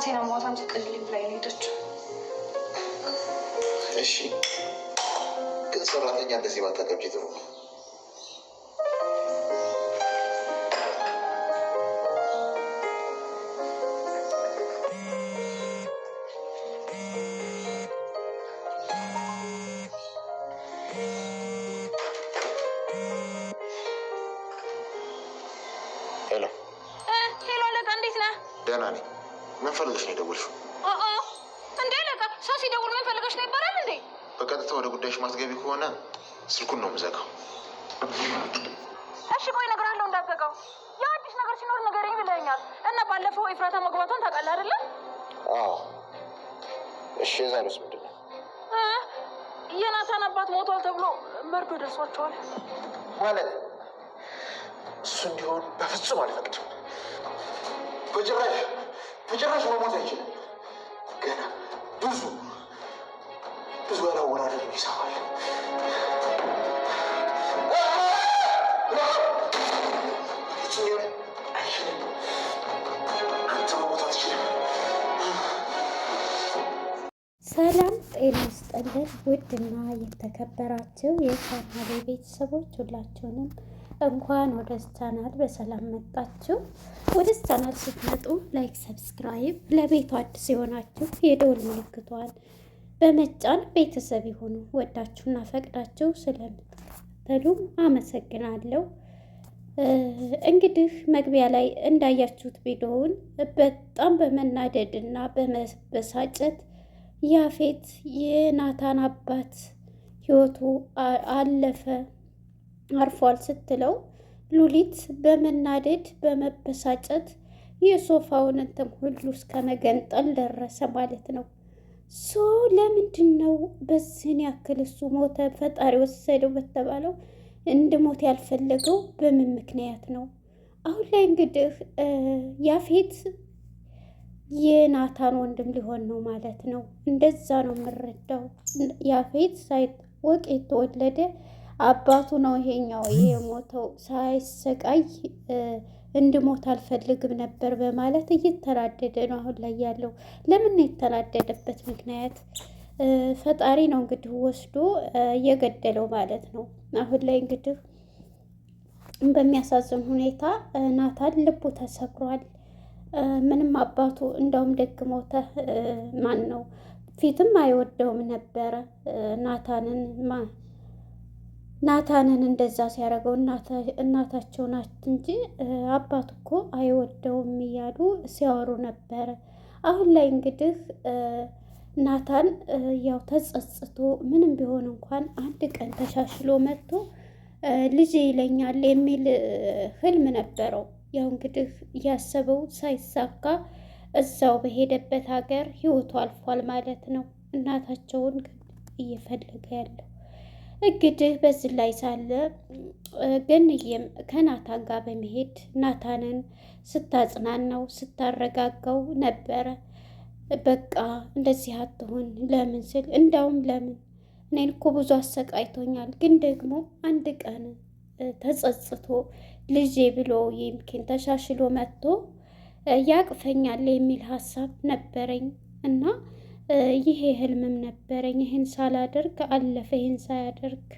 እናቴን አሟት አንቺ ቅልል ላይ ነው የሄደችው። እሺ ግን ሰራተኛ እንደዚህ ባታቀብጪ ጥሩ ነው። ስልኩን ነው የምዘጋው። እሺ ቆይ እነግርሃለሁ፣ እንዳትዘጋው። ያው አዲስ ነገር ሲኖር ንገረኝ ብለኛል እና ባለፈው ኤፍራታ መግባቷን ታውቃለህ አይደለ? አዎ። እሺ የዛሬውስ ምንድን ነው? የናታን አባት ሞቷል ተብሎ መርዶ ደርሷቸዋል። ማለት እሱ እንዲሆን በፍጹም አልፈቅድም። በጭራሽ በጭራሽ መሞት አይችልም። ገና ብዙ ብዙ ያላወራደድ ይሰማል። ሰላም ጤና ይስጥልን። ውድና የተከበራችሁ የቻናሌ ቤተሰቦች ሁላችሁንም እንኳን ወደ ቻናል በሰላም መጣችሁ። ወደ ቻናል ስትመጡ ላይክ፣ ሰብስክራይብ፣ ለቤቱ አዲስ የሆናችሁ የደወል ምልክቷን በመጫን ቤተሰብ የሆኑ ወዳችሁና ፈቅዳችሁ ስለም ስለምትከታተሉም አመሰግናለሁ። እንግዲህ መግቢያ ላይ እንዳያችሁት ቪዲዮውን በጣም በመናደድ እና በመበሳጨት ያፌት የናታን አባት ህይወቱ አለፈ አርፏል ስትለው ሉሊት በመናደድ በመበሳጨት የሶፋውን እንትን ሁሉ እስከ መገንጠል ደረሰ ማለት ነው። ሶ ለምንድን ነው በዚህን ያክል እሱ ሞተ ፈጣሪ ወሰደው በተባለው እንድሞት ያልፈለገው በምን ምክንያት ነው? አሁን ላይ እንግዲህ ያፌት የናታን ወንድም ሊሆን ነው ማለት ነው። እንደዛ ነው የምረዳው። ያፌት ሳይታወቅ የተወለደ አባቱ ነው ይሄኛው የሞተው ሳይሰቃይ እንድሞት አልፈልግም ነበር በማለት እየተናደደ ነው አሁን ላይ ያለው። ለምን ነው የተናደደበት ምክንያት? ፈጣሪ ነው እንግዲህ ወስዶ እየገደለው ማለት ነው። አሁን ላይ እንግዲህ በሚያሳዝን ሁኔታ ናታን ልቡ ተሰብሯል። ምንም አባቱ እንዳውም ደግሞተ ማን ነው ፊትም አይወደውም ነበረ ናታንን ናታንን እንደዛ ሲያደርገው እናታቸው ናት እንጂ አባት እኮ አይወደውም እያሉ ሲያወሩ ነበረ። አሁን ላይ እንግዲህ ናታን ያው ተጸጽቶ ምንም ቢሆን እንኳን አንድ ቀን ተሻሽሎ መጥቶ ልጄ ይለኛል የሚል ህልም ነበረው። ያው እንግዲህ ያሰበው ሳይሳካ እዛው በሄደበት ሀገር ህይወቱ አልፏል ማለት ነው። እናታቸውን እየፈለገ ያለው እንግዲህ በዚህ ላይ ሳለ ገንዬም ከናታን ጋር በመሄድ ናታንን ስታጽናናው ስታረጋጋው ነበረ። በቃ እንደዚህ አትሆን ለምን ስል እንዳውም ለምን እኔን እኮ ብዙ አሰቃይቶኛል፣ ግን ደግሞ አንድ ቀን ተጸጽቶ ልጄ ብሎ ይምኪን ተሻሽሎ መጥቶ ያቅፈኛል የሚል ሀሳብ ነበረኝ እና ይሄ ህልምም ነበረኝ፣ ይህን ሳላደርግ አለፈ፣ ይህን ሳያደርግ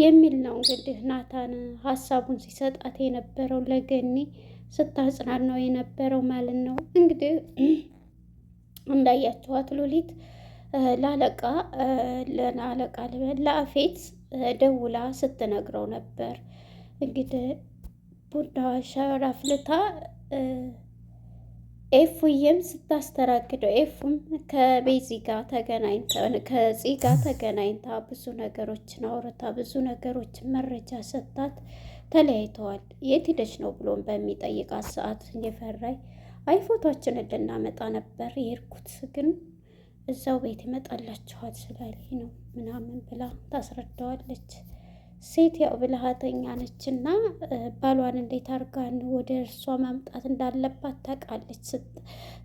የሚል ነው እንግዲህ ናታን ሀሳቡን ሲሰጣት የነበረው ለገኒ ስታጽናን ነው የነበረው ማለት ነው። እንግዲህ እንዳያችኋት ሉሊት ለአለቃ ለአለቃ ለአፌት ደውላ ስትነግረው ነበር እንግዲህ ቡና ሸራፍልታ ኤፉዬም ስታስተናግደው ኤፉም ከቤዚ ጋር ተገናኝታ ከጺ ጋር ተገናኝታ ብዙ ነገሮችን አውርታ ብዙ ነገሮችን መረጃ ሰጥታት ተለያይተዋል። የት ሄደች ነው ብሎን በሚጠይቃት ሰዓት እየፈራኝ አይ ፎቶችን እንድናመጣ ነበር የሄድኩት ግን እዛው ቤት ይመጣላችኋል ስላልኝ ነው ምናምን ብላ ታስረዳዋለች። ሴት ያው ብልሃተኛ ነችና ባሏን እንዴት አርጋን ወደ እርሷ ማምጣት እንዳለባት ታውቃለች።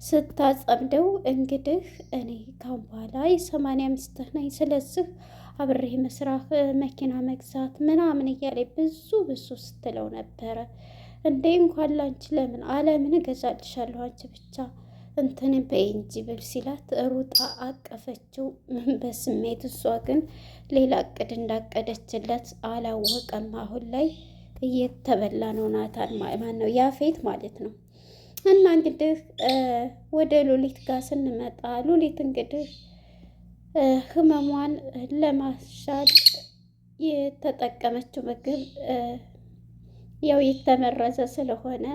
ስታጸምደው እንግዲህ እኔ ካሁን በኋላ የሰማንያ ሚስትህ ነኝ፣ ስለዚህ አብሬህ መስራት፣ መኪና መግዛት ምናምን እያለ ብዙ ብዙ ስትለው ነበረ። እንዴ እንኳን ላንቺ ለምን አለምን እገዛልሻለሁ አንቺ ብቻ እንትን በይ እንጂ ብል ሲላት ሩጣ አቀፈችው በስሜት። እሷ ግን ሌላ እቅድ እንዳቀደችለት አላወቀም። አሁን ላይ እየተበላ ነው ናታን ማን ነው ያፌት ማለት ነው። እና እንግዲህ ወደ ሉሊት ጋር ስንመጣ ሉሊት እንግዲህ ህመሟን ለማሻል የተጠቀመችው ምግብ ያው የተመረዘ ስለሆነ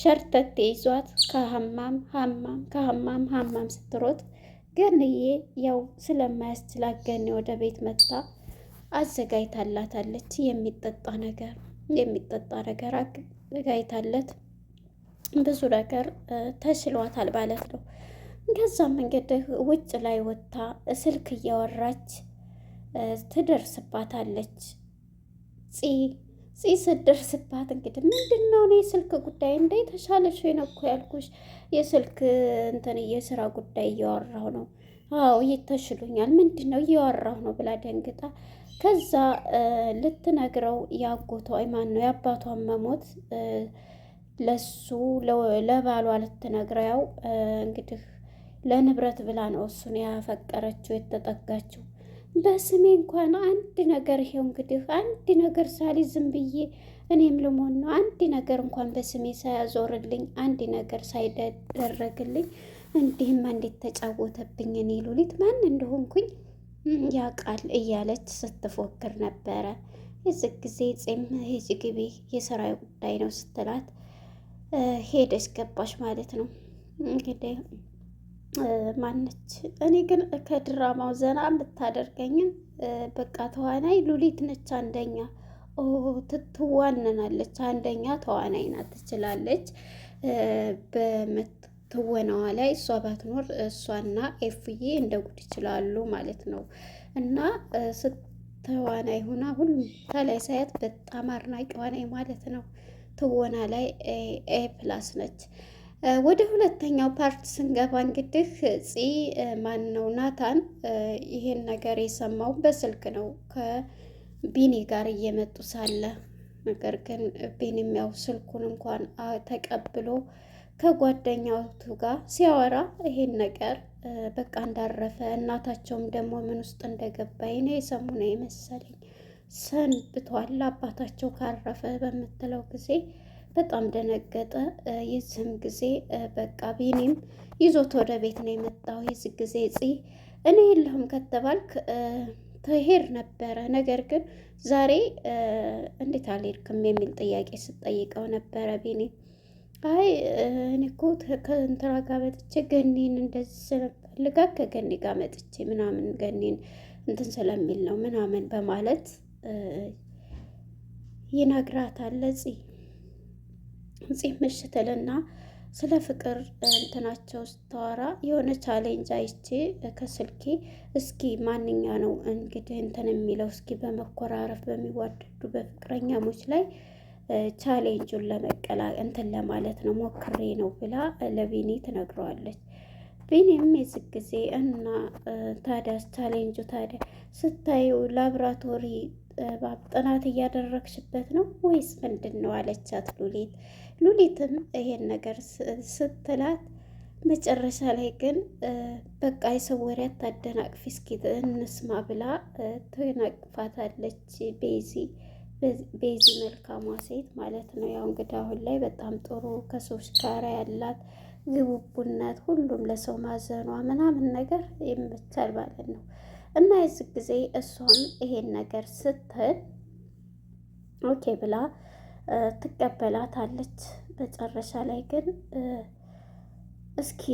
ሸርተቴ ይዟት ከሀማም ሀማም ከሀማም ሀማም ስትሮጥ ገንዬ ያው ስለማያስችላት ገኔ ወደ ቤት መጣ አዘጋጅታላታለች። የሚጠጣ ነገር የሚጠጣ ነገር አዘጋጅታለት ብዙ ነገር ተሽሏታል ማለት ነው። ከዛ መንገድ ውጭ ላይ ወጥታ ስልክ እያወራች ትደርስባታለች ፂ ፂ ስትደርስባት እንግዲህ ምንድን ነው እኔ ስልክ ጉዳይ እንደ ተሻለሽ ወይ ነው እኮ ያልኩሽ፣ የስልክ እንትን የስራ ጉዳይ እያወራሁ ነው። አዎ ይተሽሉኛል። ምንድን ነው እያወራሁ ነው ብላ ደንግጣ፣ ከዛ ልትነግረው ያጎቷ ማን ነው የአባቷን መሞት ለሱ ለባሏ ልትነግረው ያው እንግዲህ ለንብረት ብላ ነው እሱን ያፈቀረችው የተጠጋችው በስሜ እንኳን አንድ ነገር ይሄው እንግዲህ አንድ ነገር ሳሊ ዝም ብዬ እኔም ልሞን ነው አንድ ነገር እንኳን በስሜ ሳያዞርልኝ አንድ ነገር ሳይደረግልኝ እንዲህም እንዴት ተጫወተብኝ እኔ ሉሊት ማን እንደሆንኩኝ ያውቃል እያለች ስትፎክር ነበረ። የዚህ ጊዜ ጼም ሂጂ ግቢ የሰራዊ ጉዳይ ነው ስትላት ሄደች ገባች ማለት ነው እንግዲህ ማነች? እኔ ግን ከድራማው ዘና የምታደርገኝን በቃ ተዋናይ ሉሊት ነች። አንደኛ ትትዋነናለች፣ አንደኛ ተዋናይ ናት፣ ትችላለች በምትወናዋ ላይ እሷ ባትኖር እሷና ኤፍዬ እንደ ጉድ ይችላሉ ማለት ነው እና ተዋናይ ሆና ሁሉም ተላይ ሳያት በጣም አድናቂ ዋናይ ማለት ነው። ትወና ላይ ኤ ፕላስ ነች። ወደ ሁለተኛው ፓርት ስንገባ እንግዲህ ፂ ማን ነው ናታን ይሄን ነገር የሰማው በስልክ ነው ከቢኒ ጋር እየመጡ ሳለ ነገር ግን ቢኒም ያው ስልኩን እንኳን ተቀብሎ ከጓደኛቱ ጋር ሲያወራ ይሄን ነገር በቃ እንዳረፈ እናታቸውም ደግሞ ምን ውስጥ እንደገባ ይሄ የሰሙ ነው የመሰለኝ ሰንብቷል አባታቸው ካረፈ በምትለው ጊዜ በጣም ደነገጠ። የዚህም ጊዜ በቃ ቢኒም ይዞት ወደ ቤት ነው የመጣው። ይህ ጊዜ ጽ እኔ የለሁም ከተባልክ ትሄድ ነበረ፣ ነገር ግን ዛሬ እንዴት አልሄድክም የሚል ጥያቄ ስጠይቀው ነበረ ቢኒ አይ እኔ እኮ ከእንትና ጋር መጥቼ ገኒን እንደዚህ ስለምፈልጋት ከገኒ ጋር መጥቼ ምናምን ገኒን እንትን ስለሚል ነው ምናምን በማለት ይነግራታል ለፂ ፂም ምሽትልና ስለ ፍቅር እንትናቸው ስታወራ የሆነ ቻሌንጅ አይቼ ከስልኬ እስኪ ማንኛ ነው እንግዲህ እንትን የሚለው እስኪ በመኮራረፍ በሚዋደዱ በፍቅረኛሞች ላይ ቻሌንጁን ለመቀላ እንትን ለማለት ነው ሞክሬ ነው ብላ ለቢኒ ትነግረዋለች። ቢኒም የዚህ ጊዜ እና ታዲያ ቻሌንጁ ታዲያ ስታዩ ላብራቶሪ ጥናት እያደረግሽበት ነው ወይስ ምንድን ነው አለቻት ሉሊት። ሉሊትም ይሄን ነገር ስትላት መጨረሻ ላይ ግን በቃ የሰው ወሬ አታደናቅፊ እስኪ እንስማ ብላ ትነቅፋታለች። ቤዚ ቤዚ መልካሟ ሴት ማለት ነው። ያው እንግዲህ አሁን ላይ በጣም ጥሩ ከሰዎች ጋር ያላት ግቡቡነት፣ ሁሉም ለሰው ማዘኗ ምናምን ነገር የምቻል ማለት ነው። እና የዚህ ጊዜ እሷም ይሄን ነገር ስትል ኦኬ ብላ ትቀበላታለች። መጨረሻ ላይ ግን እስኪ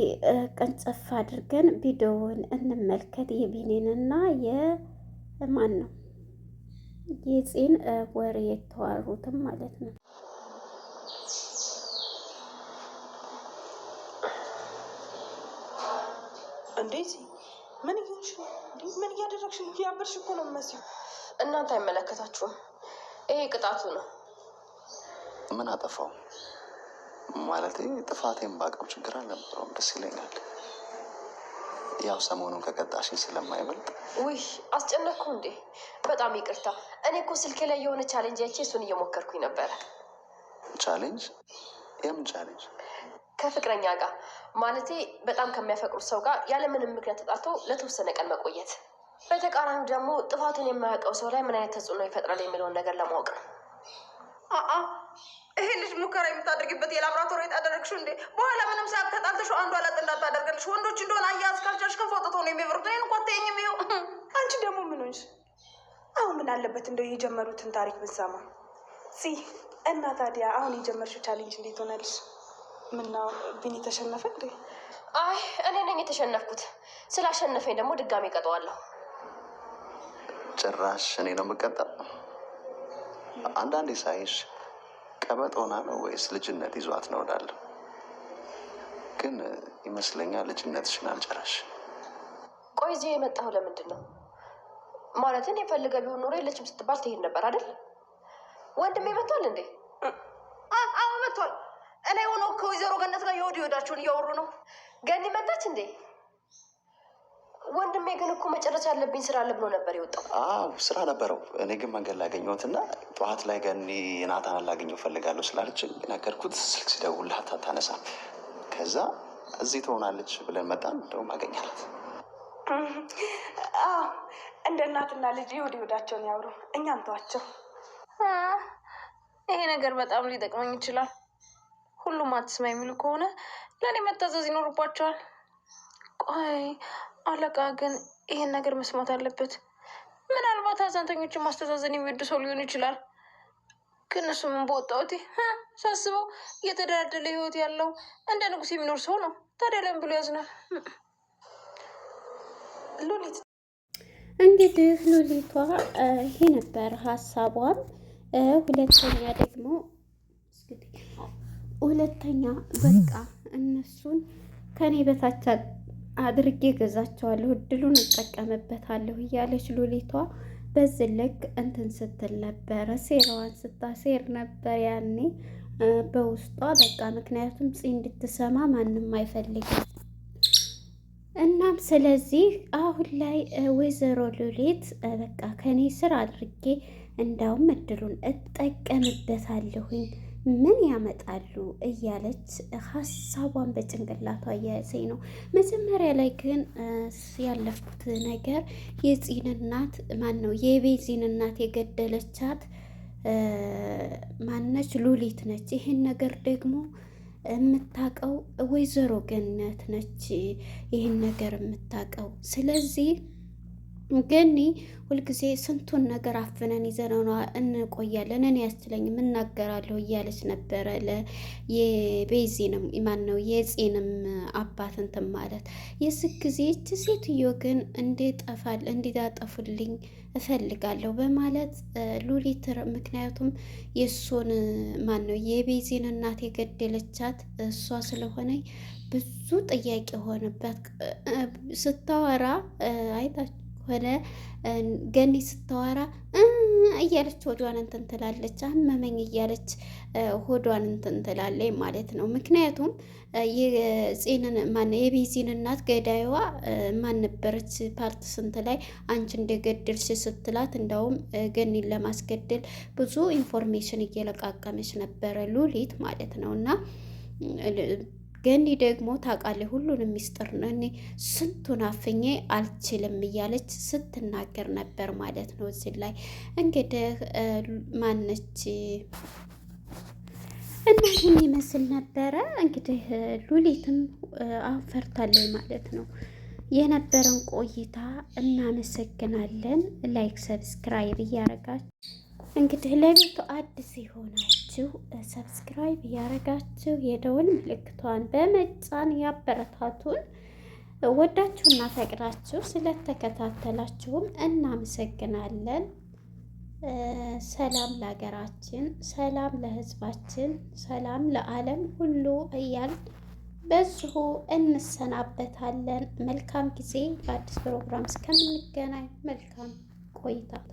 ቀንጨፍ አድርገን ቪዲዮውን እንመልከት የቢኒንና የማን ነው የጺን ወሬ የተዋሩትም ማለት ነው። ምን እያደረግሽ ነው? ያበርሽ እኮ ነው መሲው። እናንተ አይመለከታችሁም። ይሄ ቅጣቱ ነው። ምን አጠፋው ማለት ጥፋቴን ባቀም ችግር አልነበረውም። ደስ ይለኛል። ያው ሰሞኑን ከቀጣሽኝ ስለማይበልጥ። ውይ አስጨነቅኩ እንዴ? በጣም ይቅርታ። እኔ እኮ ስልኬ ላይ የሆነ ቻሌንጅ ያቼ እሱን እየሞከርኩኝ ነበረ። ቻሌንጅ? የምን ቻሌንጅ? ከፍቅረኛ ጋር ማለቴ በጣም ከሚያፈቅሩት ሰው ጋር ያለምንም ምክንያት ተጣልቶ ለተወሰነ ቀን መቆየት በተቃራኒው ደግሞ ጥፋቱን የማያውቀው ሰው ላይ ምን አይነት ተጽዕኖ ይፈጥራል የሚለውን ነገር ለማወቅ ነው። ይሄ ልጅ ሙከራ የምታደርግበት የላብራቶሪ ታደረግሽው እንዴ? በኋላ ምንም ሰዓት ከጣልተሽ አንዱ አላጥ እንዳታደርገልሽ ወንዶች እንደሆነ አያያዝ ካልቻልሽ ክንፍ አውጥቶ ነው የሚበሩት። እኔን እንኳን ተይኝም። ይኸው አንቺ ደግሞ ምን አሁን ምን አለበት እንደው የጀመሩትን ታሪክ ብንሰማ ሲ እና ታዲያ አሁን የጀመርሽው ቻሌንጅ እንዴት ሆናልሽ? ምናው ቢኒ ተሸነፈ እንዴ? አይ እኔ ነኝ የተሸነፍኩት። ስላሸነፈኝ ደግሞ ድጋሜ ቀጠዋለሁ። ጭራሽ እኔ ነው የምቀጣው። አንዳንዴ ሳይሽ ቀበጥ ሆና ነው ወይስ ልጅነት ይዟት ነው እላለሁ። ግን ይመስለኛል ልጅነትሽን አልጨረሽ። ቆይ እዚህ የመጣሁ ለምንድን ነው? ማለት እኔ ፈልገ ቢሆን ኖሮ የለችም ስትባል ትሄድ ነበር አይደል? ወንድሜ መቷል እንዴ? አዎ መቷል። እኔ ሆኖ ከወይዘሮ ገነት ጋር የወዲ ወዳችሁን እያወሩ ነው። ገኒ መጣች እንዴ? ወንድሜ ግን እኮ መጨረሻ ያለብኝ ስራ አለ ብሎ ነበር የወጣው። አዎ ስራ ነበረው። እኔ ግን መንገድ ላገኘሁት እና ጠዋት ላይ ገኒ ናታን ላገኘው ፈልጋለሁ ስላለችኝ ነገርኩት። ስልክ ስደውልላት አታነሳም። ከዛ እዚህ ትሆናለች ብለን መጣን። እንደውም አገኛላት። እንደ እናትና ልጅ ወደ ወዳቸውን ያውሩ፣ እኛም ተዋቸው። ይሄ ነገር በጣም ሊጠቅመኝ ይችላል። ሁሉም አትስማ የሚሉ ከሆነ ለእኔ መታዘዝ ይኖርባቸዋል። ቆይ አለቃ ግን ይሄን ነገር መስማት አለበት። ምናልባት አዛንተኞችን ማስተዛዘን የሚወድ ሰው ሊሆን ይችላል። ግን እሱ ምን በወጣውቴ ሳስበው እየተደላደለ ህይወት ያለው እንደ ንጉስ የሚኖር ሰው ነው። ታዲያ ለምን ብሎ ያዝናል? ሉሊት እንግዲህ ሎሊቷ ይሄ ነበር ሀሳቧም። ሁለተኛ ደግሞ ሁለተኛ በቃ እነሱን ከኔ በታች አድርጌ ገዛቸዋለሁ፣ እድሉን እጠቀምበታለሁ እያለች ሉሊቷ በዚህ እንትን ስትል ነበረ፣ ሴራዋን ስታሴር ነበር ያኔ በውስጧ በቃ ምክንያቱም ፂ እንድትሰማ ማንም አይፈልግም። እናም ስለዚህ አሁን ላይ ወይዘሮ ሉሊት በቃ ከኔ ስር አድርጌ እንዳውም እድሉን እጠቀምበታለሁኝ ምን ያመጣሉ እያለች ሀሳቧን በጭንቅላቷ እያያዘኝ ነው። መጀመሪያ ላይ ግን ያለፍኩት ነገር የፂን እናት ማን ነው የቤዚን እናት የገደለቻት ማነች? ሉሊት ነች። ይህን ነገር ደግሞ የምታውቀው ወይዘሮ ገነት ነች። ይህን ነገር የምታውቀው ስለዚህ ገኒ ሁልጊዜ ስንቱን ነገር አፍነን ይዘነኗ እንቆያለን፣ እኔ ያስችለኝም እናገራለሁ እያለች ነበረ። የቤዚንም ማን ነው የፄንም አባት እንትን ማለት የዚህ ጊዜ ይች ሴትዮ ግን እንዲጠፋል እንዲዳጠፉልኝ እፈልጋለሁ በማለት ሉሊትር ምክንያቱም የእሱን ማን ነው የቤዚን እናት የገደለቻት እሷ ስለሆነ ብዙ ጥያቄ ሆነበት ስታወራ አይታችሁ ወደ ገኒ ስታወራ እያለች ሆዷን እንትን ትላለች፣ አመመኝ እያለች ሆዷን እንትን ትላለች ማለት ነው። ምክንያቱም የጽንን ማነው የቤዚን እናት ገዳይዋ ማን ነበረች? ፓርት ስንት ላይ አንቺ እንደገደልሽ ስትላት፣ እንዳውም ገኒን ለማስገደል ብዙ ኢንፎርሜሽን እየለቃቀመች ነበረ ሉሊት ማለት ነው እና ገኒ ደግሞ ታውቃለች ሁሉንም ሚስጥር እኔ ስንቱን አፍኜ አልችልም እያለች ስትናገር ነበር ማለት ነው። እዚህ ላይ እንግዲህ ማነች እና ይመስል ነበረ እንግዲህ ሉሊትም አንፈርታለች ማለት ነው። የነበረን ቆይታ እናመሰግናለን። ላይክ ሰብስክራይብ እያረጋችሁ እንግዲህ ለቤቱ አዲስ የሆናችሁ ሰብስክራይብ እያደረጋችሁ የደወል ምልክቷን በመጫን ያበረታቱን። ወዳችሁና ፈቅዳችሁ ስለተከታተላችሁም እናመሰግናለን። ሰላም ለሀገራችን፣ ሰላም ለሕዝባችን፣ ሰላም ለዓለም ሁሉ እያል በዚሁ እንሰናበታለን። መልካም ጊዜ። በአዲስ ፕሮግራም እስከምንገናኝ መልካም ቆይታ